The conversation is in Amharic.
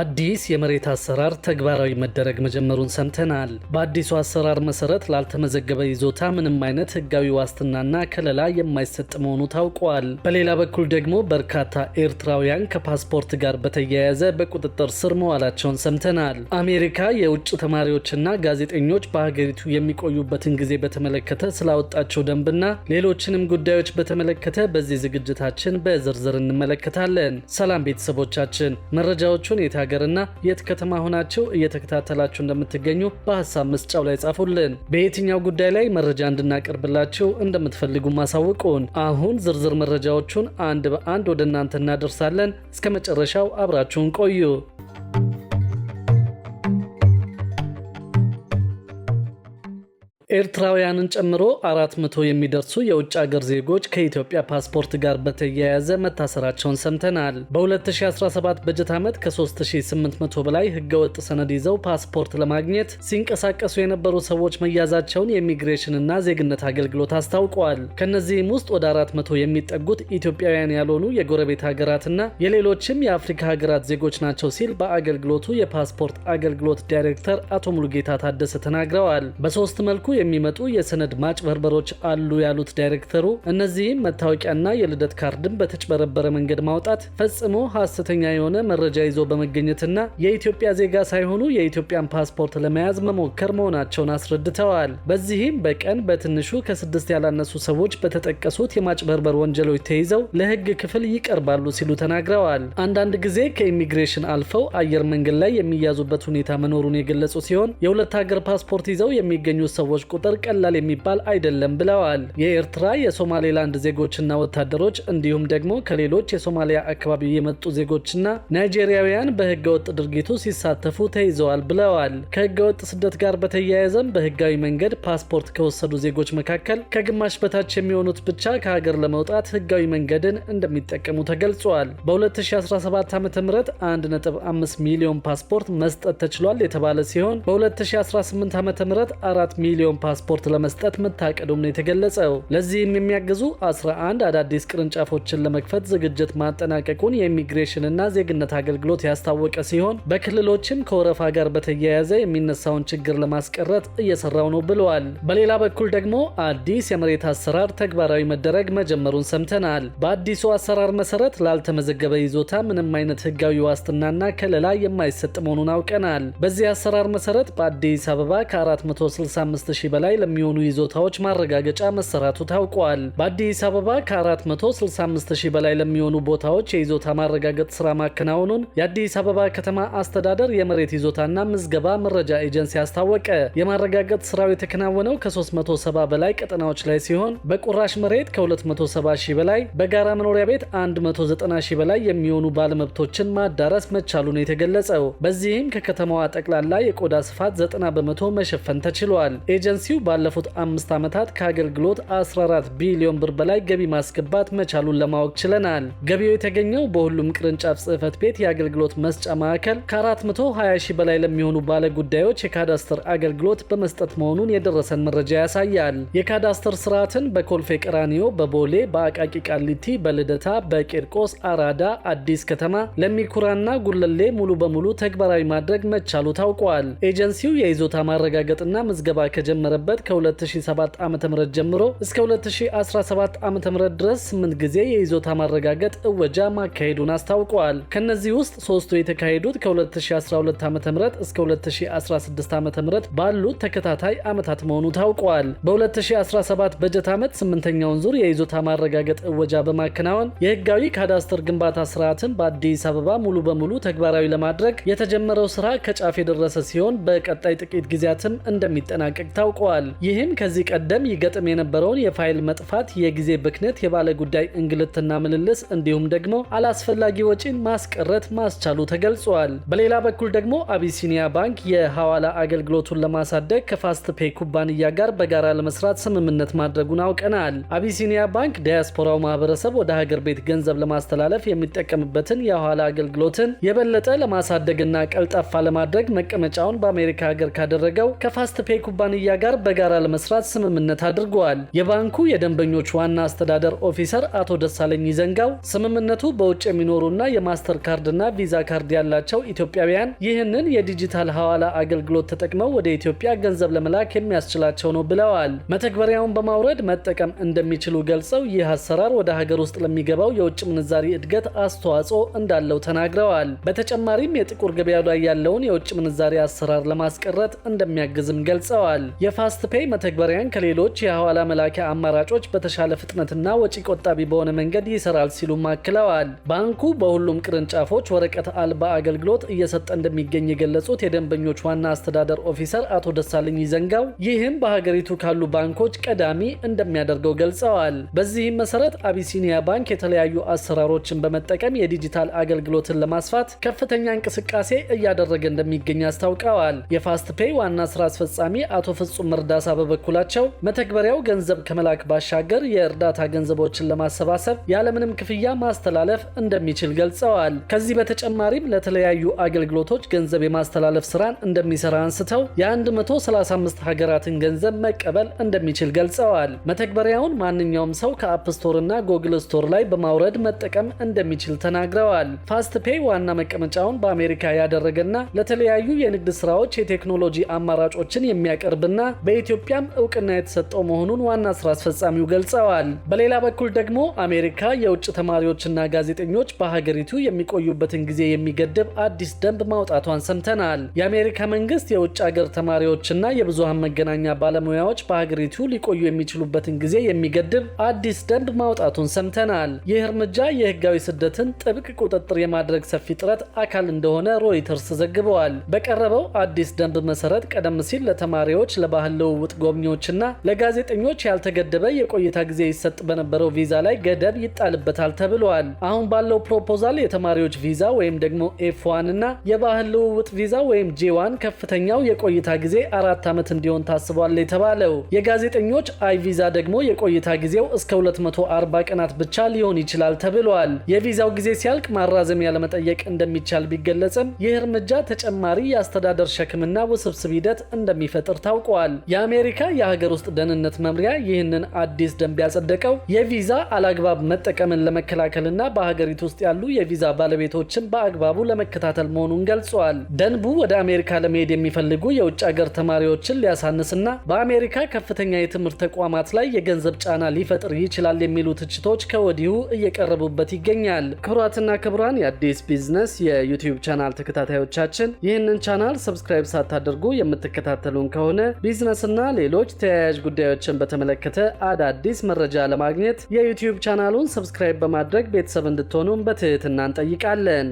አዲስ የመሬት አሰራር ተግባራዊ መደረግ መጀመሩን ሰምተናል። በአዲሱ አሰራር መሰረት ላልተመዘገበ ይዞታ ምንም አይነት ህጋዊ ዋስትናና ከለላ የማይሰጥ መሆኑ ታውቋል። በሌላ በኩል ደግሞ በርካታ ኤርትራውያን ከፓስፖርት ጋር በተያያዘ በቁጥጥር ስር መዋላቸውን ሰምተናል። አሜሪካ የውጭ ተማሪዎችና ጋዜጠኞች በሀገሪቱ የሚቆዩበትን ጊዜ በተመለከተ ስላወጣቸው ደንብና ሌሎችንም ጉዳዮች በተመለከተ በዚህ ዝግጅታችን በዝርዝር እንመለከታለን። ሰላም ቤተሰቦቻችን መረጃዎቹን ሀገርና የት ከተማ ሆናችሁ እየተከታተላችሁ እንደምትገኙ በሀሳብ መስጫው ላይ ጻፉልን። በየትኛው ጉዳይ ላይ መረጃ እንድናቀርብላችሁ እንደምትፈልጉ ማሳወቁን። አሁን ዝርዝር መረጃዎቹን አንድ በአንድ ወደ እናንተ እናደርሳለን። እስከ መጨረሻው አብራችሁን ቆዩ። ኤርትራውያንን ጨምሮ አራት መቶ የሚደርሱ የውጭ አገር ዜጎች ከኢትዮጵያ ፓስፖርት ጋር በተያያዘ መታሰራቸውን ሰምተናል። በ2017 በጀት ዓመት ከ3800 በላይ ህገወጥ ሰነድ ይዘው ፓስፖርት ለማግኘት ሲንቀሳቀሱ የነበሩ ሰዎች መያዛቸውን የኢሚግሬሽንና ዜግነት አገልግሎት አስታውቋል። ከእነዚህም ውስጥ ወደ 400 የሚጠጉት ኢትዮጵያውያን ያልሆኑ የጎረቤት ሀገራትና የሌሎችም የአፍሪካ ሀገራት ዜጎች ናቸው ሲል በአገልግሎቱ የፓስፖርት አገልግሎት ዳይሬክተር አቶ ሙሉጌታ ታደሰ ተናግረዋል። በሶስት መልኩ የሚመጡ የሰነድ ማጭበርበሮች አሉ ያሉት ዳይሬክተሩ እነዚህም መታወቂያና የልደት ካርድን በተጭበረበረ መንገድ ማውጣት ፈጽሞ ሐሰተኛ የሆነ መረጃ ይዞ በመገኘትና የኢትዮጵያ ዜጋ ሳይሆኑ የኢትዮጵያን ፓስፖርት ለመያዝ መሞከር መሆናቸውን አስረድተዋል። በዚህም በቀን በትንሹ ከስድስት ያላነሱ ሰዎች በተጠቀሱት የማጭበርበር ወንጀሎች ተይዘው ለህግ ክፍል ይቀርባሉ ሲሉ ተናግረዋል። አንዳንድ ጊዜ ከኢሚግሬሽን አልፈው አየር መንገድ ላይ የሚያዙበት ሁኔታ መኖሩን የገለጹ ሲሆን የሁለት ሀገር ፓስፖርት ይዘው የሚገኙት ሰዎች ቁጥር ቀላል የሚባል አይደለም ብለዋል። የኤርትራ የሶማሌላንድ ዜጎችና ወታደሮች እንዲሁም ደግሞ ከሌሎች የሶማሊያ አካባቢ የመጡ ዜጎችና ናይጄሪያውያን በህገወጥ ድርጊቱ ሲሳተፉ ተይዘዋል ብለዋል። ከህገወጥ ስደት ጋር በተያያዘም በህጋዊ መንገድ ፓስፖርት ከወሰዱ ዜጎች መካከል ከግማሽ በታች የሚሆኑት ብቻ ከሀገር ለመውጣት ህጋዊ መንገድን እንደሚጠቀሙ ተገልጿል። በ2017 ዓ ም 1.5 ሚሊዮን ፓስፖርት መስጠት ተችሏል የተባለ ሲሆን በ2018 ዓ ም 4 ሚሊዮን የአሜሪካውን ፓስፖርት ለመስጠት መታቀዱም ነው የተገለጸው። ለዚህም የሚያግዙ 11 አዳዲስ ቅርንጫፎችን ለመክፈት ዝግጅት ማጠናቀቁን የኢሚግሬሽንና ዜግነት አገልግሎት ያስታወቀ ሲሆን በክልሎችም ከወረፋ ጋር በተያያዘ የሚነሳውን ችግር ለማስቀረት እየሰራው ነው ብለዋል። በሌላ በኩል ደግሞ አዲስ የመሬት አሰራር ተግባራዊ መደረግ መጀመሩን ሰምተናል። በአዲሱ አሰራር መሰረት ላልተመዘገበ ይዞታ ምንም አይነት ህጋዊ ዋስትናና ከለላ የማይሰጥ መሆኑን አውቀናል። በዚህ አሰራር መሰረት በአዲስ አበባ ከ465 ሺህ በላይ ለሚሆኑ ይዞታዎች ማረጋገጫ መሰራቱ ታውቋል። በአዲስ አበባ ከ465 ሺህ በላይ ለሚሆኑ ቦታዎች የይዞታ ማረጋገጥ ስራ ማከናወኑን የአዲስ አበባ ከተማ አስተዳደር የመሬት ይዞታና ምዝገባ መረጃ ኤጀንሲ አስታወቀ። የማረጋገጥ ስራው የተከናወነው ከ370 በላይ ቀጠናዎች ላይ ሲሆን በቁራሽ መሬት ከ270 ሺህ በላይ በጋራ መኖሪያ ቤት 190 ሺህ በላይ የሚሆኑ ባለመብቶችን ማዳረስ መቻሉን የተገለጸው በዚህም ከከተማዋ ጠቅላላ የቆዳ ስፋት 90 በመቶ መሸፈን ተችሏል። ኤጀንሲው ባለፉት አምስት ዓመታት ከአገልግሎት 14 ቢሊዮን ብር በላይ ገቢ ማስገባት መቻሉን ለማወቅ ችለናል። ገቢው የተገኘው በሁሉም ቅርንጫፍ ጽህፈት ቤት የአገልግሎት መስጫ ማዕከል ከ420 ሺህ በላይ ለሚሆኑ ባለ ጉዳዮች የካዳስተር አገልግሎት በመስጠት መሆኑን የደረሰን መረጃ ያሳያል። የካዳስተር ስርዓትን በኮልፌ ቀራኒዮ፣ በቦሌ፣ በአቃቂ ቃሊቲ፣ በልደታ፣ በቂርቆስ፣ አራዳ፣ አዲስ ከተማ፣ ለሚኩራና ጉለሌ ሙሉ በሙሉ ተግባራዊ ማድረግ መቻሉ ታውቋል። ኤጀንሲው የይዞታ ማረጋገጥና ምዝገባ ከጀመረ ከተጀመረበት ከ2007 ዓ.ም ጀምሮ እስከ 2017 ዓ.ም ድረስ ስምንት ጊዜ የይዞታ ማረጋገጥ እወጃ ማካሄዱን አስታውቀዋል። ከነዚህ ውስጥ ሶስቱ የተካሄዱት ከ2012 ዓ.ም እስከ 2016 ም ባሉት ተከታታይ ዓመታት መሆኑ ታውቋል። በ2017 በጀት ዓመት ስምንተኛውን ዙር የይዞታ ማረጋገጥ እወጃ በማከናወን የህጋዊ ካዳስተር ግንባታ ስርዓትን በአዲስ አበባ ሙሉ በሙሉ ተግባራዊ ለማድረግ የተጀመረው ስራ ከጫፍ የደረሰ ሲሆን በቀጣይ ጥቂት ጊዜያትም እንደሚጠናቀቅ ታውቋል። አስታውቀዋል። ይህም ከዚህ ቀደም ይገጥም የነበረውን የፋይል መጥፋት፣ የጊዜ ብክነት፣ የባለ ጉዳይ እንግልትና ምልልስ እንዲሁም ደግሞ አላስፈላጊ ወጪን ማስቀረት ማስቻሉ ተገልጿል። በሌላ በኩል ደግሞ አቢሲኒያ ባንክ የሐዋላ አገልግሎቱን ለማሳደግ ከፋስት ፔ ኩባንያ ጋር በጋራ ለመስራት ስምምነት ማድረጉን አውቀናል። አቢሲኒያ ባንክ ዲያስፖራው ማህበረሰብ ወደ ሀገር ቤት ገንዘብ ለማስተላለፍ የሚጠቀምበትን የሐዋላ አገልግሎትን የበለጠ ለማሳደግና ቀልጣፋ ለማድረግ መቀመጫውን በአሜሪካ ሀገር ካደረገው ከፋስት ፔ ኩባንያ ጋር ጋር በጋራ ለመስራት ስምምነት አድርገዋል። የባንኩ የደንበኞች ዋና አስተዳደር ኦፊሰር አቶ ደሳለኝ ይዘንጋው ስምምነቱ በውጭ የሚኖሩና የማስተር ካርድና ቪዛ ካርድ ያላቸው ኢትዮጵያውያን ይህንን የዲጂታል ሐዋላ አገልግሎት ተጠቅመው ወደ ኢትዮጵያ ገንዘብ ለመላክ የሚያስችላቸው ነው ብለዋል። መተግበሪያውን በማውረድ መጠቀም እንደሚችሉ ገልጸው ይህ አሰራር ወደ ሀገር ውስጥ ለሚገባው የውጭ ምንዛሪ እድገት አስተዋጽኦ እንዳለው ተናግረዋል። በተጨማሪም የጥቁር ገበያ ላይ ያለውን የውጭ ምንዛሪ አሰራር ለማስቀረት እንደሚያግዝም ገልጸዋል። የፋስት ፔይ መተግበሪያን ከሌሎች የሐዋላ መላኪያ አማራጮች በተሻለ ፍጥነትና ወጪ ቆጣቢ በሆነ መንገድ ይሰራል ሲሉም አክለዋል። ባንኩ በሁሉም ቅርንጫፎች ወረቀት አልባ አገልግሎት እየሰጠ እንደሚገኝ የገለጹት የደንበኞች ዋና አስተዳደር ኦፊሰር አቶ ደሳለኝ ይዘንጋው ይህም በሀገሪቱ ካሉ ባንኮች ቀዳሚ እንደሚያደርገው ገልጸዋል። በዚህም መሰረት አቢሲኒያ ባንክ የተለያዩ አሰራሮችን በመጠቀም የዲጂታል አገልግሎትን ለማስፋት ከፍተኛ እንቅስቃሴ እያደረገ እንደሚገኝ አስታውቀዋል። የፋስት ፔይ ዋና ስራ አስፈጻሚ አቶ ፍጹም የሚያስቆም እርዳታ በበኩላቸው መተግበሪያው ገንዘብ ከመላክ ባሻገር የእርዳታ ገንዘቦችን ለማሰባሰብ ያለምንም ክፍያ ማስተላለፍ እንደሚችል ገልጸዋል። ከዚህ በተጨማሪም ለተለያዩ አገልግሎቶች ገንዘብ የማስተላለፍ ስራን እንደሚሰራ አንስተው የ135 ሀገራትን ገንዘብ መቀበል እንደሚችል ገልጸዋል። መተግበሪያውን ማንኛውም ሰው ከአፕ ስቶር እና ጎግል ስቶር ላይ በማውረድ መጠቀም እንደሚችል ተናግረዋል። ፔይ ዋና መቀመጫውን በአሜሪካ ያደረገና ለተለያዩ የንግድ ስራዎች የቴክኖሎጂ አማራጮችን የሚያቀርብና በኢትዮጵያም እውቅና የተሰጠው መሆኑን ዋና ስራ አስፈጻሚው ገልጸዋል። በሌላ በኩል ደግሞ አሜሪካ የውጭ ተማሪዎችና ጋዜጠኞች በሀገሪቱ የሚቆዩበትን ጊዜ የሚገድብ አዲስ ደንብ ማውጣቷን ሰምተናል። የአሜሪካ መንግስት የውጭ ሀገር ተማሪዎችና የብዙሃን መገናኛ ባለሙያዎች በሀገሪቱ ሊቆዩ የሚችሉበትን ጊዜ የሚገድብ አዲስ ደንብ ማውጣቱን ሰምተናል። ይህ እርምጃ የህጋዊ ስደትን ጥብቅ ቁጥጥር የማድረግ ሰፊ ጥረት አካል እንደሆነ ሮይተርስ ዘግበዋል። በቀረበው አዲስ ደንብ መሰረት ቀደም ሲል ለተማሪዎች ለባ ባህል ልውውጥ ጎብኚዎችና ለጋዜጠኞች ያልተገደበ የቆይታ ጊዜ ይሰጥ በነበረው ቪዛ ላይ ገደብ ይጣልበታል ተብለዋል። አሁን ባለው ፕሮፖዛል የተማሪዎች ቪዛ ወይም ደግሞ ኤፍ ዋን እና የባህል ልውውጥ ቪዛ ወይም ጄዋን ከፍተኛው የቆይታ ጊዜ አራት ዓመት እንዲሆን ታስቧል የተባለው የጋዜጠኞች አይ ቪዛ ደግሞ የቆይታ ጊዜው እስከ 240 ቀናት ብቻ ሊሆን ይችላል ተብሏል። የቪዛው ጊዜ ሲያልቅ ማራዘሚያ ለመጠየቅ እንደሚቻል ቢገለጽም ይህ እርምጃ ተጨማሪ የአስተዳደር ሸክምና ውስብስብ ሂደት እንደሚፈጥር ታውቋል። ተገልጿል። የአሜሪካ የሀገር ውስጥ ደህንነት መምሪያ ይህንን አዲስ ደንብ ያጸደቀው የቪዛ አላግባብ መጠቀምን ለመከላከልና በሀገሪቱ ውስጥ ያሉ የቪዛ ባለቤቶችን በአግባቡ ለመከታተል መሆኑን ገልጿል። ደንቡ ወደ አሜሪካ ለመሄድ የሚፈልጉ የውጭ ሀገር ተማሪዎችን ሊያሳንስና በአሜሪካ ከፍተኛ የትምህርት ተቋማት ላይ የገንዘብ ጫና ሊፈጥር ይችላል የሚሉ ትችቶች ከወዲሁ እየቀረቡበት ይገኛል። ክቡራትና ክቡራን የአዲስ ቢዝነስ የዩቲዩብ ቻናል ተከታታዮቻችን ይህንን ቻናል ሰብስክራይብ ሳታደርጉ የምትከታተሉን ከሆነ ቢዝነስና ሌሎች ተያያዥ ጉዳዮችን በተመለከተ አዳዲስ መረጃ ለማግኘት የዩቲዩብ ቻናሉን ሰብስክራይብ በማድረግ ቤተሰብ እንድትሆኑን በትህትና እንጠይቃለን።